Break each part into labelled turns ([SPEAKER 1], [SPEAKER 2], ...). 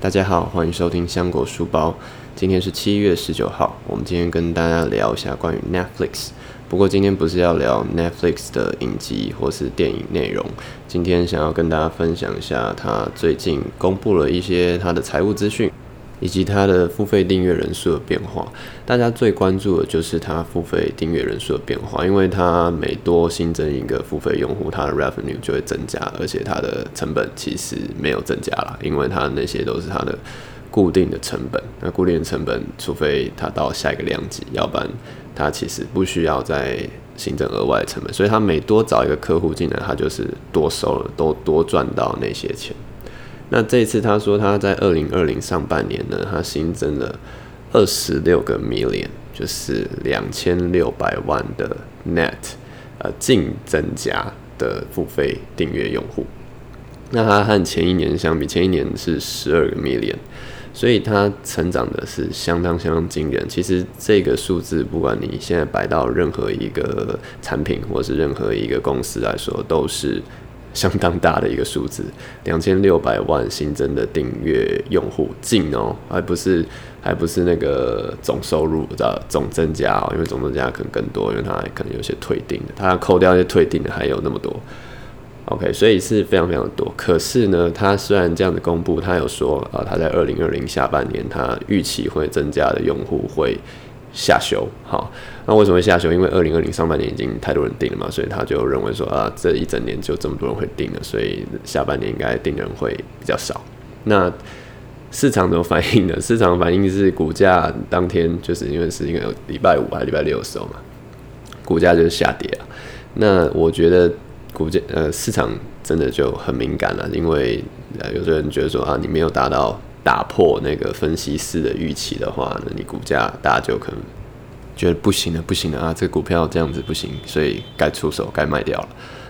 [SPEAKER 1] 大家好，歡迎收聽香果書包。今天是七月十九號，我們今天跟大家聊一下關於 Netflix。不過今天不是要聊 Netflix 的影集或是電影內容，今天想要跟大家分享一下他最近公布了一些他的財務資訊。以及它的付費訂閱人數的變化，大家最關注的就是他付費訂閱人數的變化，因為他每多新增一個付費用戶，他的 revenue 就會增加，而且他的成本其實沒有增加了，因為他的那些都是他的固定的成本，那固定的成本除非他到下一個量級，要不然他其實不需要再新增額外的成本，所以他每多找一個客戶進來，他就是多收了，都多賺到那些錢。那這次他說他在二零二零上半年呢，他新增了二十六個 million，就是兩千六百萬的 net，呃，淨增加的付費訂閱用戶。那他和前一年相比，前一年是十二個 million，所以他成長的是相當相當驚人。其實這個數字，不管你現在擺到任何一個產品或是任何一個公司來說，都是。相當大的一個數字，兩千六百萬新增的訂閱用戶淨哦，還不是還不是那個總收入的總增加哦，因為總增加可能更多，因為它可能有些退訂的，它扣掉一些退訂的還有那麼多。OK，所以是非常非常多。可是呢，他雖然這樣子公布，他有說啊，他在二零二零下半年，他預期會增加的用戶會。下修，好，那為什麼會下修？因為二零二零上半年已經太多人訂了嘛，所以他就認為說啊，這一整年就這麼多人會訂了，所以下半年應該訂的人會比較少。那市場怎麼反應呢？市場反應是股價當天就是因為是一個禮拜五還是禮拜六的時候嘛，股價就是下跌了。那我覺得股價呃，市場真的就很敏感了，因為呃，有些人覺得說啊，你沒有達到。打破那個分析師的預期的話，那你股價大家就可能覺得不行了，不行了啊！這個股票這樣子不行，所以該出手該賣掉了。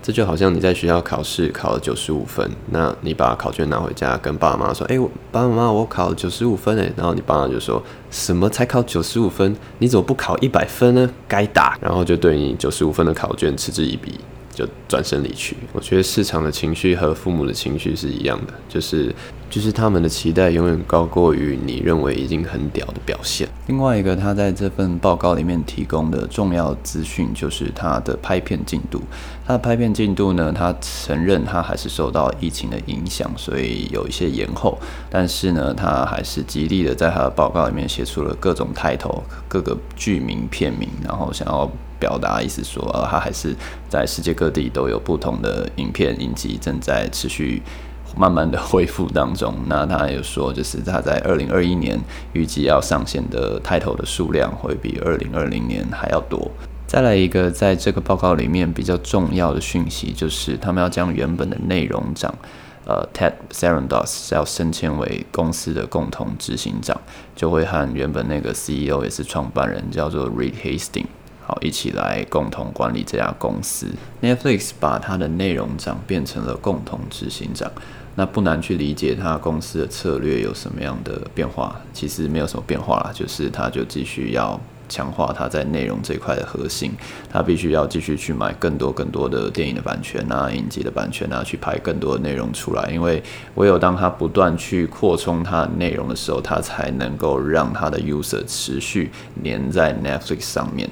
[SPEAKER 1] 這就好像你在學校考試考了九十五分，那你把考卷拿回家跟爸爸媽媽說：“哎、欸，爸爸媽媽，我考了九十五分。”然後你爸媽就說：“什麼才考九十五分？你怎麼不考一百分呢？該打！”然後就對你九十五分的考卷嗤之以鼻，就轉身離去。我覺得市場的情緒和父母的情緒是一樣的，就是。就是他們的期待永遠高過於你認為已經很屌的表現。另外一個，他在這份報告裡面提供的重要資訊，就是他的拍片進度。他的拍片進度呢，他承認他還是受到疫情的影響，所以有一些延後。但是呢，他還是極力的在他的報告裡面寫出了各種 title、各個劇名、片名，然後想要表達意思說，呃，他還是在世界各地都有不同的影片影集正在持續。慢慢的恢復當中，那他有說，就是他在二零二一年預計要上線的 title 的數量會比二零二零年還要多。再來一個，在這個報告裡面比較重要的訊息，就是他們要將原本的內容長，呃，Ted Sarandos 要升遷為公司的共同執行長，就會和原本那個 CEO 也是創辦人叫做 Reed Hastings。好，一起來共同管理這家公司。Netflix 把它的內容長變成了共同執行長，那不難去理解它公司的策略有什麼樣的變化。其實沒有什麼變化啦，就是它就繼續要強化它在內容這塊的核心。它必須要繼續去買更多更多的電影的版權啊，影集的版權啊，去拍更多的內容出來。因為唯有當它不斷去擴充它的內容的時候，它才能夠讓它的 user 持續黏在 Netflix 上面。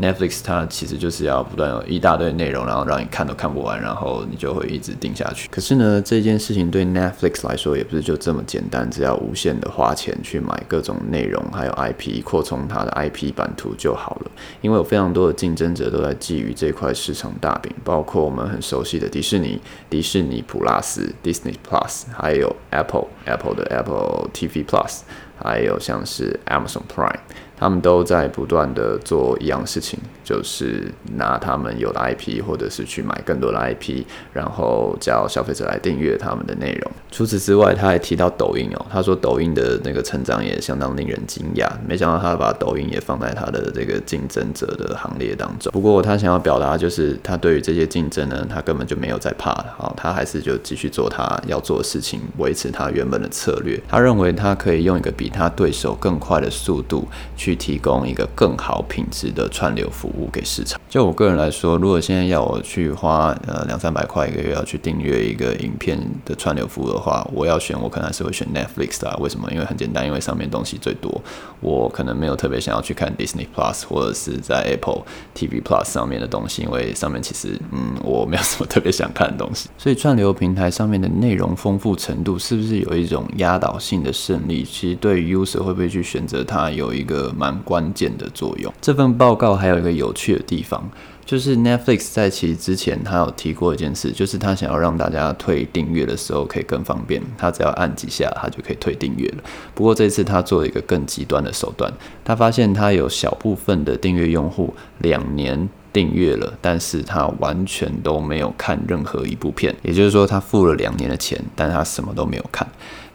[SPEAKER 1] Netflix 它其實就是要不斷有一大堆內容，然後讓你看都看不完，然後你就會一直訂下去。可是呢，這件事情對 Netflix 來說也不是就這麼簡單，只要無限的花錢去買各種內容，還有 IP 擴充它的 IP 版圖就好了。因為有非常多的競爭者都在覬覦這塊市場大餅，包括我們很熟悉的迪士尼、迪士尼 Plus、Disney Plus，還有 Apple、Apple 的 Apple TV Plus，還有像是 Amazon Prime。他們都在不斷的做一樣事情。就是拿他們有的 IP，或者是去買更多的 IP，然後叫消費者來訂閱他們的內容。除此之外，他還提到抖音哦，他說抖音的那個成長也相當令人驚訝，沒想到他把抖音也放在他的這個競爭者的行列當中。不過他想要表達就是，他對於這些競爭呢，他根本就沒有在怕的，好，哦，他還是就繼續做他要做的事情，維持他原本的策略。他認為他可以用一個比他對手更快的速度，去提供一個更好品質的串流服務。給市場。就我個人來說，如果現在要我去花呃兩三百塊一個月要去訂閱一個影片的串流服務的話，我要選我可能是會選 Netflix 啊。為什麼？因為很簡單，因為上面東西最多。我可能沒有特別想要去看 Disney Plus 或者是在 Apple TV Plus 上面的東西，因為上面其實嗯我沒有什麼特別想看的東西。所以串流平台上面的內容豐富程度是不是有一種壓倒性的勝利？其實對於 user 會不會去選擇它有一個蠻關鍵的作用。這份報告還有一個有。有趣的地方就是 Netflix 在其之前，他有提過一件事，就是他想要讓大家退訂閱的時候可以更方便，他只要按幾下，他就可以退訂閱了。不過這次他做了一個更極端的手段，他發現他有小部分的訂閱用戶兩年訂閱了，但是他完全都沒有看任何一部片，也就是說他付了兩年的錢，但他什麼都沒有看。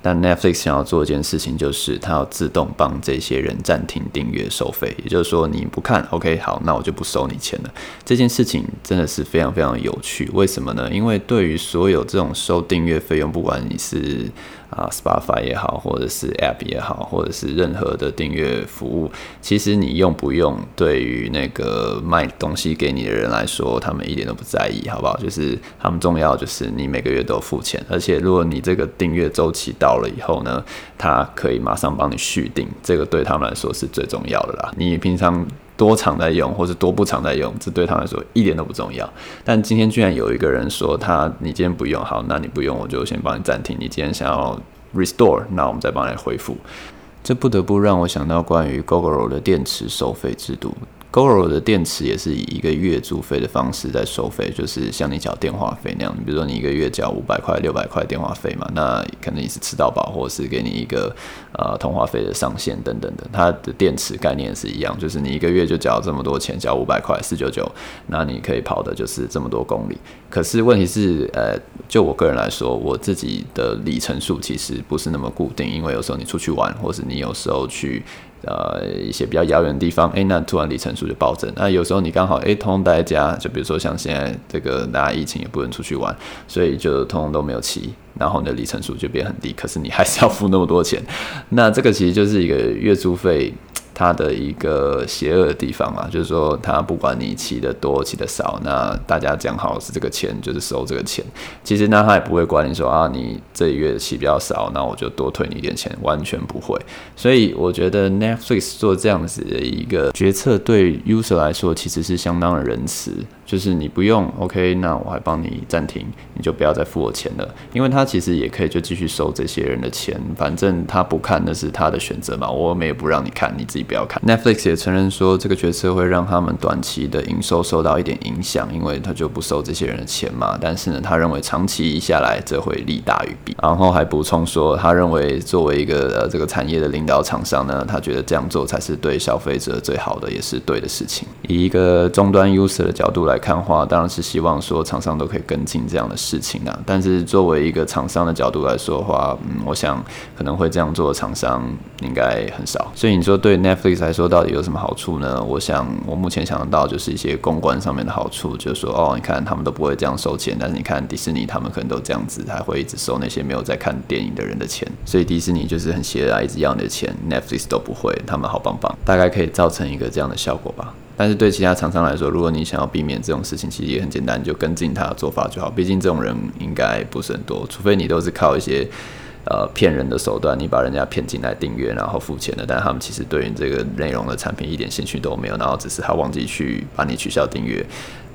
[SPEAKER 1] 但 Netflix 想要做一件事情，就是它要自動幫這些人暫停訂閱收費，也就是說你不看，OK，好，那我就不收你錢了。這件事情真的是非常非常有趣，為什麼呢？因為對於所有這種收訂閱費用，不管你是啊，Spotify 也好，或者是 App 也好，或者是任何的訂閱服務，其實你用不用，對於那個賣東西給你的人來說，他們一點都不在意，好不好？就是他們重要，就是你每個月都付錢，而且如果你這個訂閱周期到了以後呢，他可以馬上幫你續訂，這個對他們來說是最重要的啦。你平常。多常在用，或是多不常在用，這對他們來說一點都不重要。但今天居然有一個人說他，你今天不用好，那你不用我就先幫你暫停。你今天想要 restore，那我們再幫你恢復。這不得不讓我想到關於 Gogoro 的電池收費制度。Gogoro 的電池也是以一個月租費的方式在收費，就是像你繳電話費那樣，你比如說你一個月繳五百塊、六百塊電話費嘛，那可能你是吃到飽，或是給你一個呃通話費的上限等等的。它的電池概念是一樣，就是你一個月就繳這麼多錢，繳五百塊四九九，那你可以跑的就是這麼多公里。可是問題是，呃，就我個人來說，我自己的里程數其實不是那麼固定，因為有時候你出去玩，或是你有時候去。呃，一些比較遙遠的地方，哎、欸，那突然里程數就暴增。那有時候你剛好，哎、欸，通通待在家，就比如說像現在這個大家疫情也不能出去玩，所以就通通都沒有騎，然後你的里程數就變很低。可是你還是要付那麼多錢，那這個其實就是一個月租費。他的一個邪惡的地方啊，就是說，他不管你起得多，起得少，那大家講好是這個錢，就是收這個錢。其實呢，他也不會管你說啊，你這一月起比較少，那我就多退你一點錢，完全不會。所以我覺得 Netflix 做這樣子的一個決策，對 user 來說，其實是相當的仁慈。就是你不用，OK，那我還幫你暫停，你就不要再付我錢了，因為他其實也可以就繼續收這些人的錢，反正他不看，那是他的選擇嘛，我們也不讓你看，你自己不要看。Netflix 也承認說，這個決策會讓他們短期的營收受到一點影響，因為他就不收這些人的錢嘛，但是呢，他認為長期下來這會利大於弊。然後還補充說，他認為作為一個呃，這個產業的領導廠商呢，他覺得這樣做才是對消費者最好的，也是對的事情。以一個終端 user 的角度來看的話當然是希望說廠商都可以跟進這樣的事情啊。但是作為一個廠商的角度來說的話，嗯，我想可能會這樣做的廠商應該很少。所以你說對 Netflix 來說到底有什麼好處呢？我想我目前想得到就是一些公關上面的好處，就是說哦，你看他們都不會這樣收錢，但是你看迪士尼他們可能都這樣子，還會一直收那些沒有在看電影的人的錢。所以迪士尼就是很邪惡啊，一直要你的錢，Netflix 都不會，他們好棒棒，大概可以造成一個這樣的效果吧。但是對其他廠商來說，如果你想要避免這種事情，其實也很簡單，你就跟進他的做法就好。畢竟這種人應該不是很多，除非你都是靠一些呃騙人的手段，你把人家騙進來訂閱然後付錢的，但他們其實對於這個內容的產品一點興趣都沒有，然後只是他忘記去把你取消訂閱。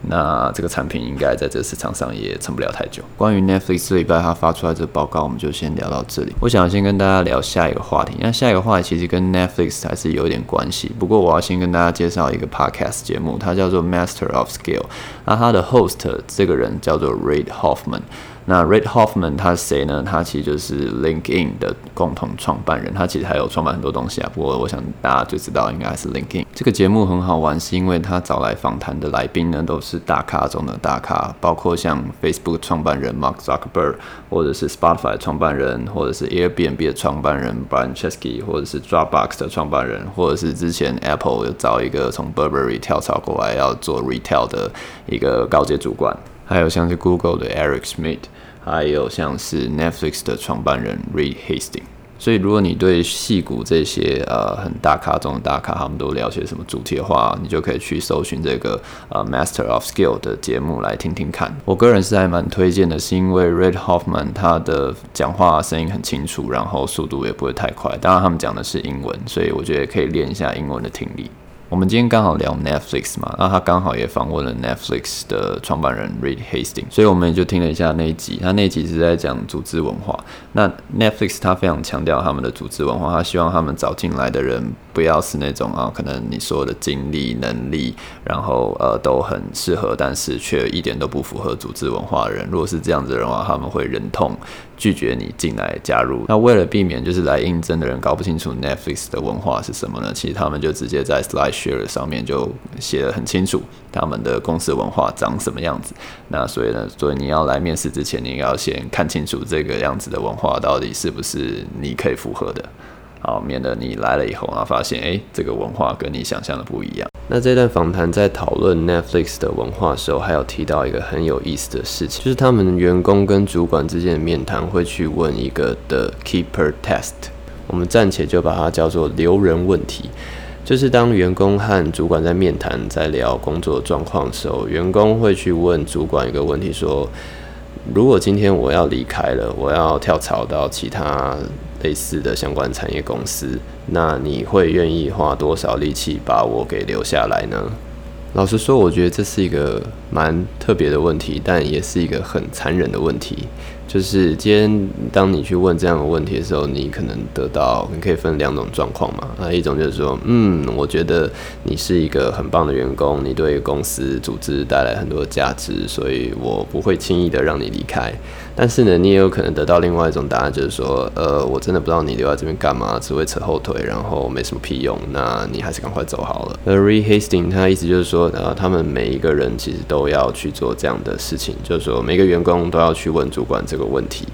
[SPEAKER 1] 那這個產品應該在這個市場上也撐不了太久。關於 Netflix 這禮拜它發出來的這個報告，我們就先聊到這裡。我想先跟大家聊下一個話題，那下一個話題其實跟 Netflix 還是有一點關係。不過我要先跟大家介紹一個 Podcast 節目，它叫做 Master of Scale，那它的 Host 這個人叫做 Reid Hoffman。那 Reid Hoffman 他誰呢？他其實就是 LinkedIn 的共同創辦人，他其實還有創辦很多東西啊。不過我想大家就知道應還，應該是 LinkedIn。這個節目很好玩，是因為他找來訪談的來賓呢，都是大咖中的大咖，包括像 Facebook 創辦人 Mark Zuckerberg，或者是 Spotify 創辦人，或者是 Airbnb 的創辦人 Brian Chesky，或者是 Dropbox 的創辦人，或者是之前 Apple 有找一個從 Burberry 跳槽過來要做 retail 的一個高階主管。還有像是 Google 的 Eric Schmidt，還有像是 Netflix 的創辦人 Reed Hastings。所以，如果你對矽谷這些呃很大咖中的大咖，他們都聊些什麼主題的話，你就可以去搜尋這個呃 Master of Scale 的節目來聽聽看。我個人是還蠻推薦的，是因為 Reid Hoffman 他的講話聲音很清楚，然後速度也不會太快。當然，他們講的是英文，所以我覺得也可以練一下英文的聽力。我們今天剛好聊 Netflix 嘛，那、啊、他剛好也訪問了 Netflix 的創辦人 Reed Hastings，所以我們也就聽了一下那一集。他那集是在講組織文化。那 Netflix 他非常強調他們的組織文化，他希望他們找進來的人不要是那種啊，可能你所有的經歷、能力，然後呃都很適合，但是卻一點都不符合組織文化的人。如果是這樣子的話，他們會忍痛。拒絕你進來加入。那為了避免就是來應徵的人搞不清楚 Netflix 的文化是什麼呢？其實他們就直接在 SlideShare 上面就寫得很清楚，他們的公司文化長什麼樣子。那所以呢，所以你要來面試之前，你要先看清楚這個樣子的文化到底是不是你可以符合的。好，免得你來了以後啊，後發現誒，這個文化跟你想象的不一樣。那這段訪談在討論 Netflix 的文化的時候，還有提到一個很有意思的事情，就是他們員工跟主管之間的面談會去問一個的 Keeper Test，我們暫且就把它叫做留人問題。就是當員工和主管在面談在聊工作狀況的時候，員工會去問主管一個問題說，說如果今天我要離開了，我要跳槽到其他。類似的相關產業公司，那你會願意花多少力氣把我給留下來呢？老實說，我覺得這是一個蠻特別的問題，但也是一個很殘忍的問題。就是今天，當你去問這樣的問題的時候，你可能得到，你可以分兩種狀況嘛。那一種就是說，嗯，我覺得你是一個很棒的員工，你對一個公司組織帶來很多價值，所以我不會輕易的讓你離開。但是呢，你也有可能得到另外一種答案，就是說，呃，我真的不知道你留在這邊幹嘛，只會扯後腿，然後沒什麼屁用，那你還是趕快走好了。而 Reed Hastings 它意思就是說，呃，他們每一個人其實都要去做這樣的事情，就是說每個員工都要去問主管這個。這個問題，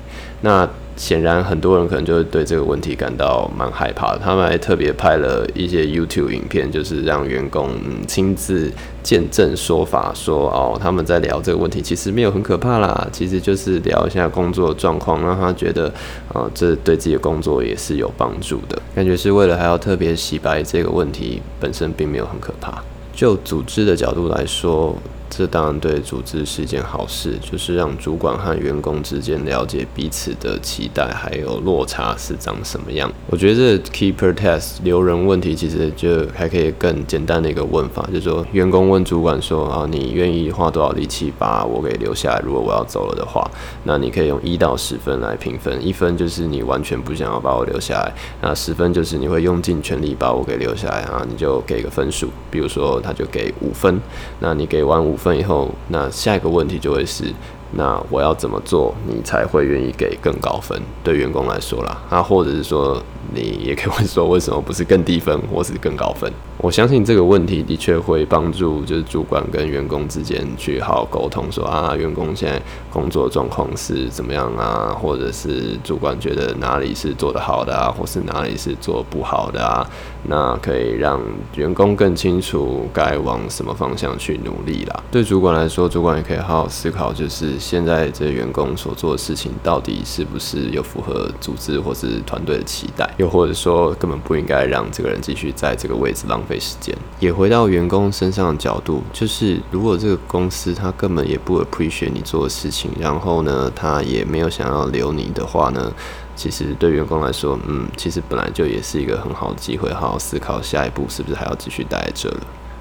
[SPEAKER 1] 那顯然很多人可能就會對這個問題感到蠻害怕。他們還特別拍了一些 YouTube 影片，就是讓員工、嗯、親自見證說法，說哦，他們在聊這個問題，其實沒有很可怕啦，其實就是聊一下工作狀況，讓他覺得啊，這、哦、對自己的工作也是有幫助的。感覺是為了還要特別洗白這個問題本身並沒有很可怕。就組織的角度來說。這當然對組織是一件好事，就是讓主管和員工之間了解彼此的期待還有落差是長什麼樣。我覺得這 keeper test 留人問題其實就還可以更簡單的一個問法，就是說員工問主管說：“啊，你願意花多少力氣把我給留下來？如果我要走了的話，那你可以用一到十分來評分，一分就是你完全不想要把我留下來，那十分就是你會用盡全力把我給留下來啊。你就給個分數，比如說他就給五分，那你給完五分以後，那下一個問題就會是，那我要怎麼做，你才會願意給更高分？對員工來說啦，啊，或者是說，你也可以問說，為什麼不是更低分，或是更高分？我相信這個問題的確會幫助，就是主管跟員工之間去好好溝通，說啊，員工現在工作狀況是怎麼樣啊，或者是主管覺得哪裡是做得好的啊，或是哪裡是做不好的啊，那可以讓員工更清楚該往什麼方向去努力啦。對主管來說，主管也可以好好思考，就是現在這些員工所做的事情到底是不是有符合組織或是團隊的期待，又或者說根本不應該讓這個人繼續在這個位置浪費時間也回到員工身上的角度，就是如果這個公司他根本也不 appreciate 你做的事情，然後呢，他也沒有想要留你的話呢，其實對員工來說，嗯，其實本來就也是一個很好的機會，好好思考下一步是不是還要繼續待在這了。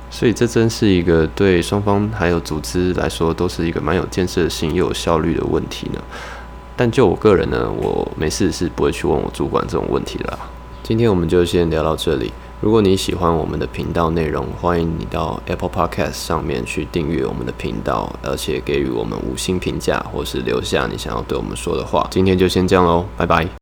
[SPEAKER 1] 所以這真是一個對雙方還有組織來說都是一個蠻有建設性又有效率的問題呢。但就我個人呢，我沒事是不會去問我主管這種問題的啦。今天我們就先聊到這裡。如果你喜歡我們的頻道內容，歡迎你到 Apple Podcast 上面去訂閱我們的頻道，而且給予我們五星評價，或是留下你想要對我們說的話。今天就先這樣嘍，拜拜。